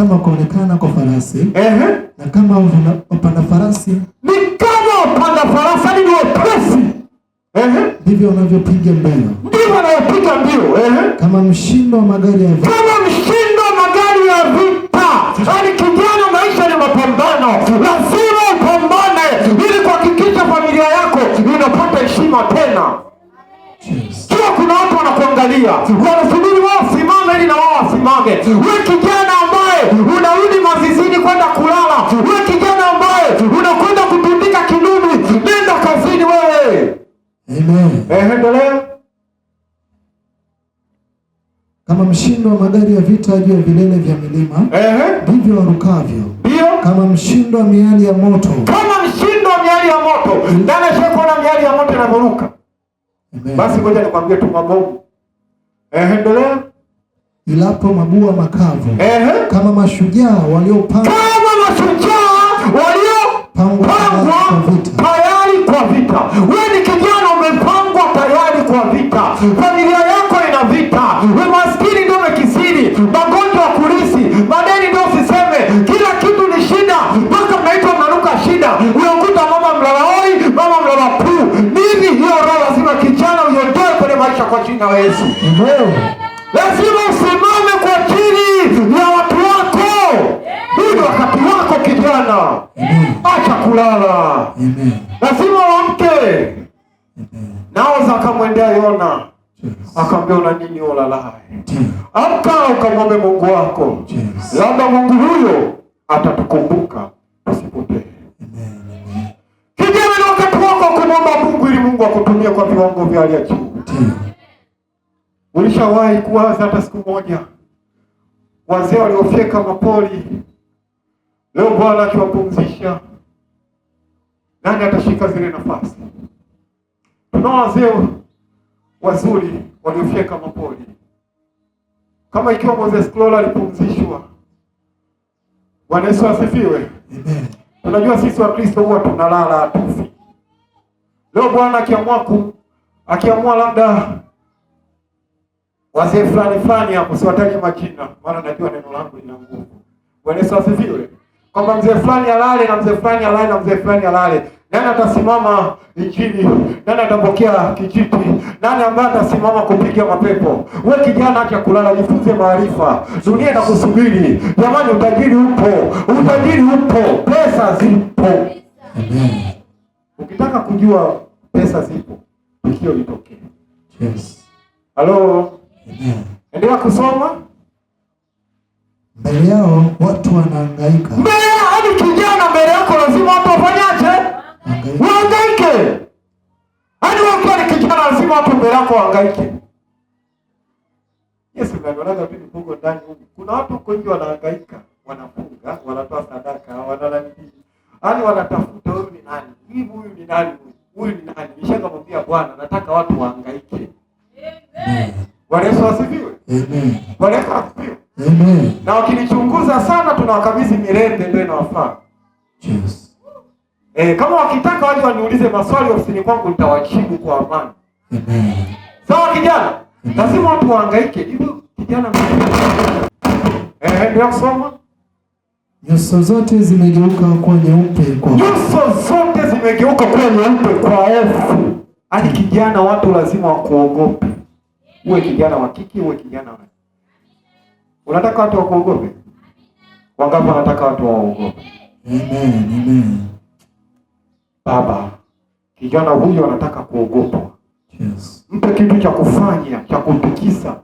kama kuonekana kwa farasi ehe, na kama upanda farasi ni kama upanda farasi, ni wepesi ehe, ndivyo unavyopiga mbio, ndivyo anayopiga mbio ehe, kama mshindo wa magari ya vita, kama mshindo wa magari ya vita. Yani kijana, maisha ni mapambano, lazima upambane ili kuhakikisha familia yako inapata heshima tena. Yes. Kuna watu wanakuangalia, wanasubiri wao wasimame ili na wao wasimame. Wewe kijana unarudi mazizini kwenda kulala. Wewe kijana ambaye unakwenda kutundika kinumi, nenda kazini wewe. Amen. endelea. Kama mshindo wa magari ya vita juu ya vilele vya milima, ndivyo warukavyo. Ndio. Kama mshindo wa miali ya moto, kama mshindo wa miali ya moto. Ndana sheko na miali ya moto inavoruka. Basi ngoja nikwambie tu mabomu. endelea ilapo mabua makavu Ehe. kama mashujaa waliopangwa tayari kwa vita. Wewe ni kijana umepangwa tayari kwa vita, familia yako ina vita, we maskini ndio mekisiri magonjwa kulisi, madeni ndio usiseme, kila kitu ni shida, mpaka mnaitwa mnanuka shida, unakuta mama mlalahoi, mama pu Nini hiyo roho? Lazima kijana uiondoe kwenye maisha kwa jina la Yesu. Lazima kulala, lazima waamke. Naoza akamwendea Yona akamwambia, una nini ulalaye? Amka ukamwombe Mungu wako, labda Mungu huyo atatukumbuka usipotee Kijana, ni wakati wako kumwomba Mungu ili Mungu akutumie kwa viwango vya hali ya juu. Ulishawahi kuwaza hata siku moja wazee waliofyeka mapoli leo Bwana akiwapumzisha nani atashika zile nafasi? Tunao wazee wazuri waliofyeka mapoli, kama ikiwa Moses Klola alipumzishwa. Bwana Yesu asifiwe. amen. Tunajua sisi Wakristo huwa tunalala hatufi. Leo Bwana akiamua ku akiamua labda wazee fulani fulani hapo, siwataji majina, maana najua neno langu lina nguvu. Bwana Yesu asifiwe, kwamba mzee fulani alale na mzee fulani alale na mzee fulani alale nani atasimama injili? Nani atapokea kijiti? Nani ambaye atasimama kupiga mapepo? We kijana, acha kulala, jifunze maarifa, dunia inakusubiri. Jamani, utajiri upo, utajiri upo, pesa zipo. Amen. Ukitaka kujua pesa zipo, tukio litokee. Yes. Halo. Amen. Endelea kusoma. Mbele yao watu wanahangaika. Mbele hadi kijana, mbele yako lazima watu wafanye Wahangaike hadi yaani wakiwa ni kijana lazima hapo mbele yako wahangaike. Yesu kanionaga vitu huko ndani huko. Kuna watu huko nje wanahangaika, wanafunga, wanatoa sadaka, wanalalamikia. Yaani wanatafuta huyu ni nani? Hivi huyu ni nani? Huyu ni nani? Nishakamwambia Bwana, nataka watu wahangaike. Amen. Bwana Yesu asifiwe. Amen. Bwana Yesu asifiwe. Amen. Na wakinichunguza sana tunawakabidhi mirende ndio inawafaa. Yes. E, kama wakitaka waje waniulize maswali ofisini kwangu nitawajibu kwa amani. Amen. Sawa kijana? Lazima watu wahangaike. Hivi kijana Eh, ndio kusoma. Nyuso zote zimegeuka kuwa nyeupe kwa Nyuso zote zimegeuka kuwa nyeupe kwa hofu. Hadi kijana watu lazima wakuogope. Uwe kijana wa kike, uwe kijana wa Unataka watu wakuogope? Wangapi wanataka watu waogope? Amen, amen. Baba, kijana huyo anataka kuogopwa. Yes. Mpe kitu cha kufanya cha kumtikisa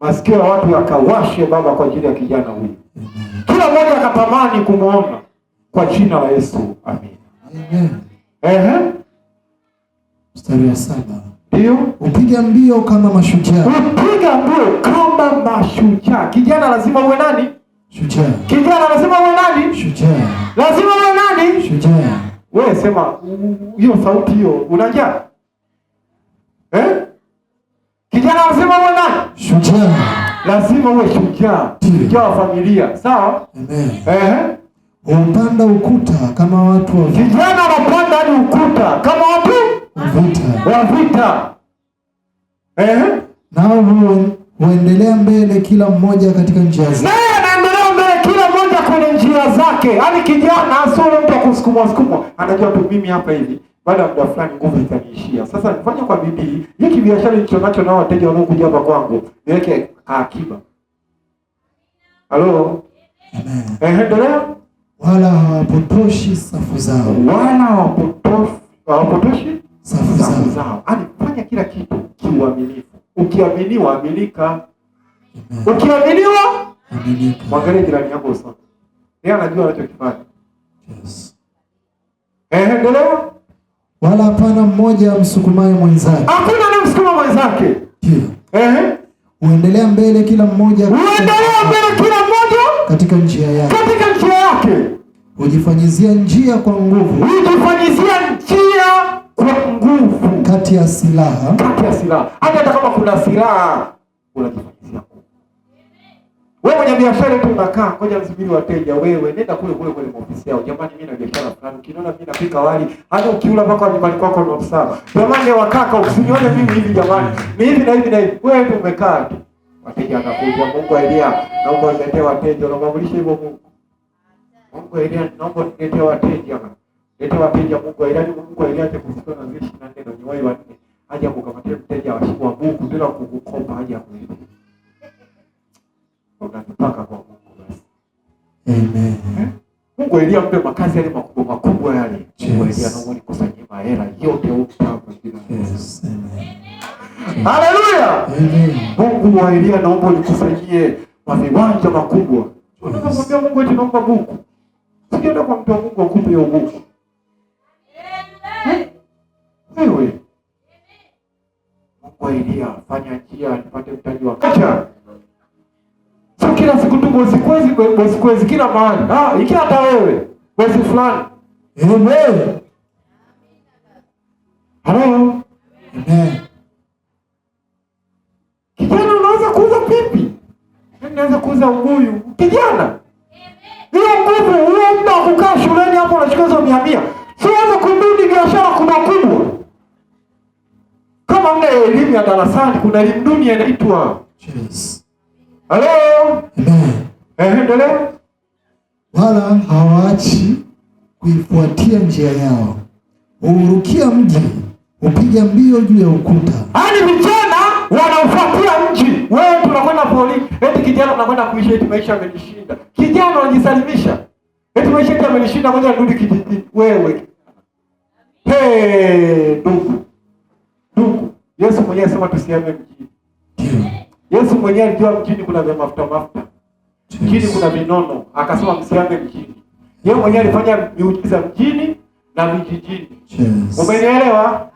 masikio ya watu yakawashe, Baba, kwa ajili ya kijana huyu. Kila mmoja akatamani kumwona kwa jina la Yesu, amina. Ehe, mstari wa saba ndio upiga mbio kama mashujaa, upiga mbio kama mashujaa. Kijana lazima uwe nani? Shujaa. Kijana lazima uwe nani? Shujaa. Lazima uwe nani? Shujaa. Wewe sema hiyo sauti hiyo, unajia eh? Kijana anasema bwana, shujaa. Lazima uwe shujaa, shujaa wa familia, sawa? Amen. Eh? Upanda ukuta kama watu wa Kijana anapanda hadi ukuta kama watu wa vita. Wa vita. Eh? Na Nao huendelea mbele kila mmoja katika njia zake njia zake. Yaani kijana asore mtu akusukumwa sukumwa, anajua tu mimi hapa hivi, baada ya muda fulani nguvu itaniishia. Sasa nifanye kwa bidii hiki biashara nilicho nacho, na wateja wanaokuja hapa kwangu niweke akiba. Halo, amen. ehe, ndio Wala hawapotoshi safu zao, wala hawapotoshi hawapotoshi safu zao zao. Yaani fanya kila kitu kiuaminifu, ukiaminiwa aminika, ukiaminiwa aminika. Mwangalie jirani yako usome yeye anajua anachokifanya. Yes. Eh, endelea. Wala hapana mmoja amsukumaye mwenzake. Hakuna anamsukuma mwenzake. Ndio. Eh. Uendelea mbele kila mmoja. Uendelea mbele kila mmoja katika njia yake. Katika njia yake. Hujifanyizia njia kwa nguvu. Ujifanyizia njia kwa nguvu. Kati ya silaha. Kati ya silaha. Hata kama kuna silaha unajifanyizia nguvu. Wewe mwenye biashara tu unakaa, ngoja msubiri wateja. Wewe nenda kule kule kwenye ofisi yao. Jamani, mimi na biashara fulani. Ukiona mimi napika wali, hata ukiula mpaka nyumbani kwako ndio sawa. Jamani, wakaka usinione mimi hivi jamani. Ni hivi na hivi na hivi. Wewe tu umekaa tu. Wateja watakuja. Mungu Elia, naomba uniletee wateja. Unamwamulisha hivyo Mungu. Mungu Elia, naomba uniletee wateja. Leta wateja Mungu ni yaani Mungu Elia atakufuta na 24 na ni nyoyo wanne. Haja kukamatia mteja wa wa Mungu bila kukukopa haja kulipa unavipaka kwa Mungu basi. Amen. Eh? Mungu Elia mpe makazi yale makubwa makubwa yale. Mungu Elia naomba nikusanyie mahela yote utapa bila. Yes. Mungu wa Elia naomba nikusanyie maviwanja makubwa. Unaweza kumwambia Mungu eti naomba Mungu. Sikienda kwa mtu wa Mungu akupe hiyo Mungu. Eh? Wewe. Mungu wa Elia fanya njia nipate mtaji wa kacha kila siku tu mwezi kwezi mwezi kwezi kila mahali, ah, ikiwa hata wewe mwezi fulani. Amen. Hello. Amen. Kijana unaweza kuuza pipi, unaweza yaani kuuza ubuyu kijana, hiyo nguvu, huo muda kukaa shuleni hapo unachukua hizo mia mia, siweza kubudi biashara kubwa kubwa kama mna elimu ya darasani. Kuna elimu dunia inaitwa Jesus. Halo. Eh, eh, endelea. Wala hawaachi kuifuatia njia yao, huurukia mji, hupiga mbio juu ya ukuta. Yaani vijana wanaufuatia mji. Wewe tunakwenda poli, eti kijana tunakwenda kuishi, eti maisha yamenishinda. Kijana unajisalimisha, eti maisha yetu yamenishinda, ngoja nirudi kijijini. Wewe hey, ndugu ndugu, Yesu mwenyewe asema tusiame mjini Yesu mwenyewe alijua mtini kuna vya mafuta mafuta, mtini kuna vinono, akasema msiambe mtini. Yeye mwenyewe alifanya miujiza mjini na vijijini. Yes. Umenielewa?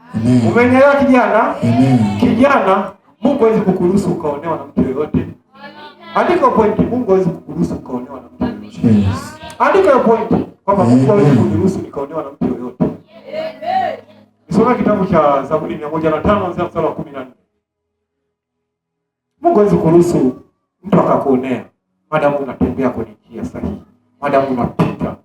Umenielewa kijana? Amen. Kijana, Mungu hawezi kukuruhusu ukaonewa na mtu yoyote. Andika point, Mungu hawezi kukuruhusu ukaonewa na mtu yoyote. Yes. Andika point kwamba Mungu hawezi kukuruhusu nikaonewa na mtu yoyote. Amen. Nisome kitabu cha Zaburi 105 mstari wa 14. Mungu hawezi kuruhusu mtu akakuonea, madamu unatembea kwenye njia sahihi, madamu unapita,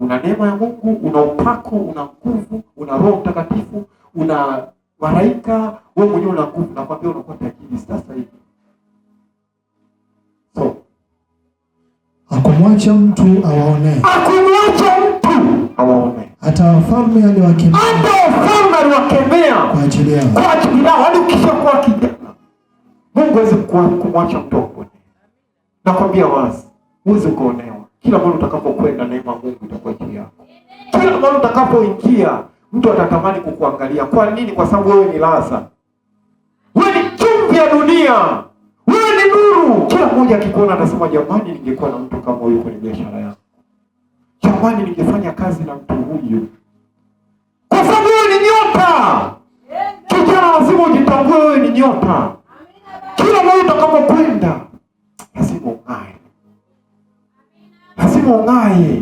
una neema ya Mungu, una upako, una nguvu, una Roho Mtakatifu, una maraika wewe mwenyewe una nguvu, nakwambia unakuwa tajiri sasa hivi. So akumwacha mtu awaone, akumwacha mtu awaone, hata wafalme aliwakemea, hata wafalme aliwakemea kwa ajili yao, kwa ajili yao hadi ukishakuwa Mungu hawezi kumwacha mtoto. Nakwambia wazi, huwezi kuonewa. Kila mahali utakapokwenda, neema Mungu itakuwa juu yako. Kila mahali utakapoingia, mtu atatamani kukuangalia. Kwa nini? Kwa sababu wewe ni laza, wewe ni chumvi ya dunia, wewe ni nuru. Kila mmoja akikuona atasema, jamani, ningekuwa na mtu kama huyu kwenye biashara yangu, jamani, ningefanya kazi na mtu huyu, kwa sababu wewe ni nyota. Kijana lazima ujitambue, wewe ni nyota kila mahali utakapokwenda lazima ung'ae, lazima ung'ae,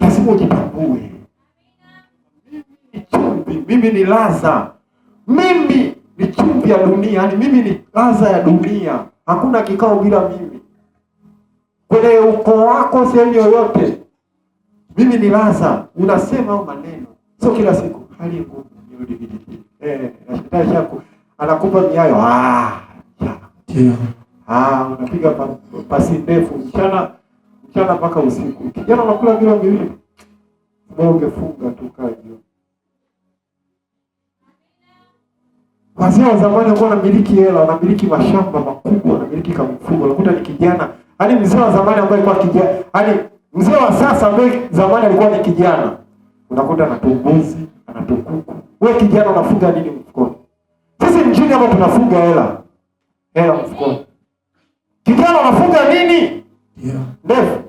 lazima ujitambue. Mimi ni chumvi, mimi ni laza, mimi ni chumvi ya dunia, yaani mimi ni laza ya dunia. Hakuna kikao bila mimi. Kwenye ukoo wako, sehemu yoyote, mimi ni laza. Unasema au maneno, sio kila siku hali ngumu, eh, na shetani yako anakupa miayo ah ndio. Ah, unapiga pasi ndefu mchana mchana mpaka usiku. Kijana unakula vile viwili. Wewe ungefunga tu kaji. Wazee wa zamani walikuwa wanamiliki hela, wanamiliki mashamba makubwa, wanamiliki kamfugo. Unakuta ni kijana, yaani mzee wa zamani ambaye alikuwa kijana, yaani mzee wa sasa ambaye zamani alikuwa ni kijana. Unakuta ana anatukuku. ana Wewe kijana unafuga nini mfukoni? Sisi nchini hapa tunafuga hela hela mfukoni. Kijana unafuga nini? Yeah. Ndevu.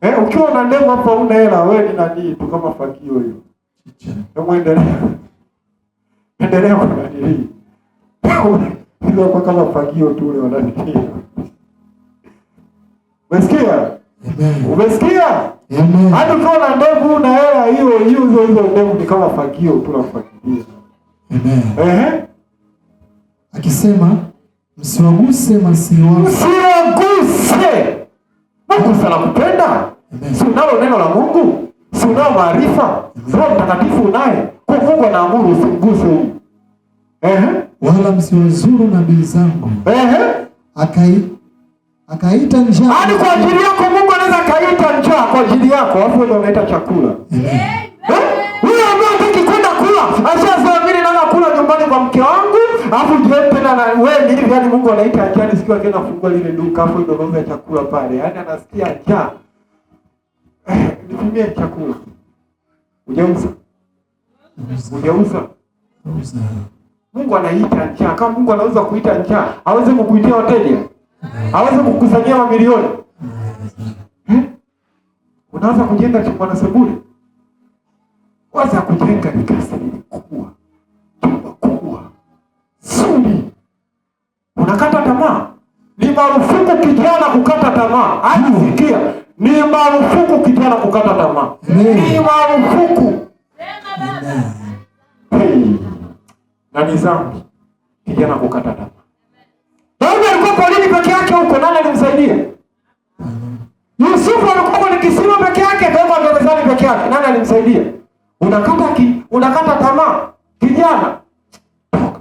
Eh, ukiwa na ndevu hapa una hela wewe ni nani tu kama fakio hiyo. Hebu endelea. Endelea kwa nani hii. Ndio kwa kama fakio tu ule wanani. Umesikia? Amen. Umesikia? Amen. Hata ukiwa na ndevu na hela hiyo hiyo hizo ndevu ni kama fakio tu na fakio. Amen. Eh? akisema msiwaguse masiwa, Msiwaguse. Mungu sana kupenda. Si unalo neno la Mungu? Si unao maarifa? Roho Mtakatifu unaye. Kwa Mungu anaamuru usimguse Ehe. Wala msiwazuru nabii zangu. Ehe. Akai akaita njaa. Hadi kwa ajili yako Mungu anaweza akaita njaa kwa ajili yako, afu unaita chakula. Alafu tena na wewe ni hivi yani Mungu anaita ajali siku yake anafungua lile duka afu ndio anauza chakula pale. Yaani anasikia njaa. Eh, Nipimie chakula. Ujeuza. Ujeuza. Mungu anaita njaa. Kama Mungu anaweza kuita njaa, hawezi kukuitia wateja. Eh. Hawezi kukusanyia mamilioni. Eh. Unaanza kujenga chakula na sebule. Kwanza kujenga ni kasi. marufuku kijana kukata tamaa. Ajisikia ni marufuku kijana kukata tamaa, ni marufuku na ni zambi kijana kukata tamaa. Daudi alikuwa polini peke yake huko, nani alimsaidia? Yusufu alikuwa ni kisima peke yake, akaenda gerezani peke yake, nani alimsaidia? Unakata ki, unakata tamaa kijana, toka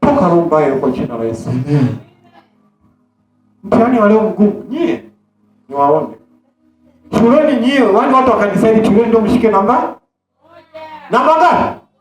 toka, rumba mbaya kwa jina la Yesu. Amen mtihani wa leo mgumu, nyie ni waombe shuleni, nyie wani watu wakadisaidi shuleni ndio mshike namba namba ngapi?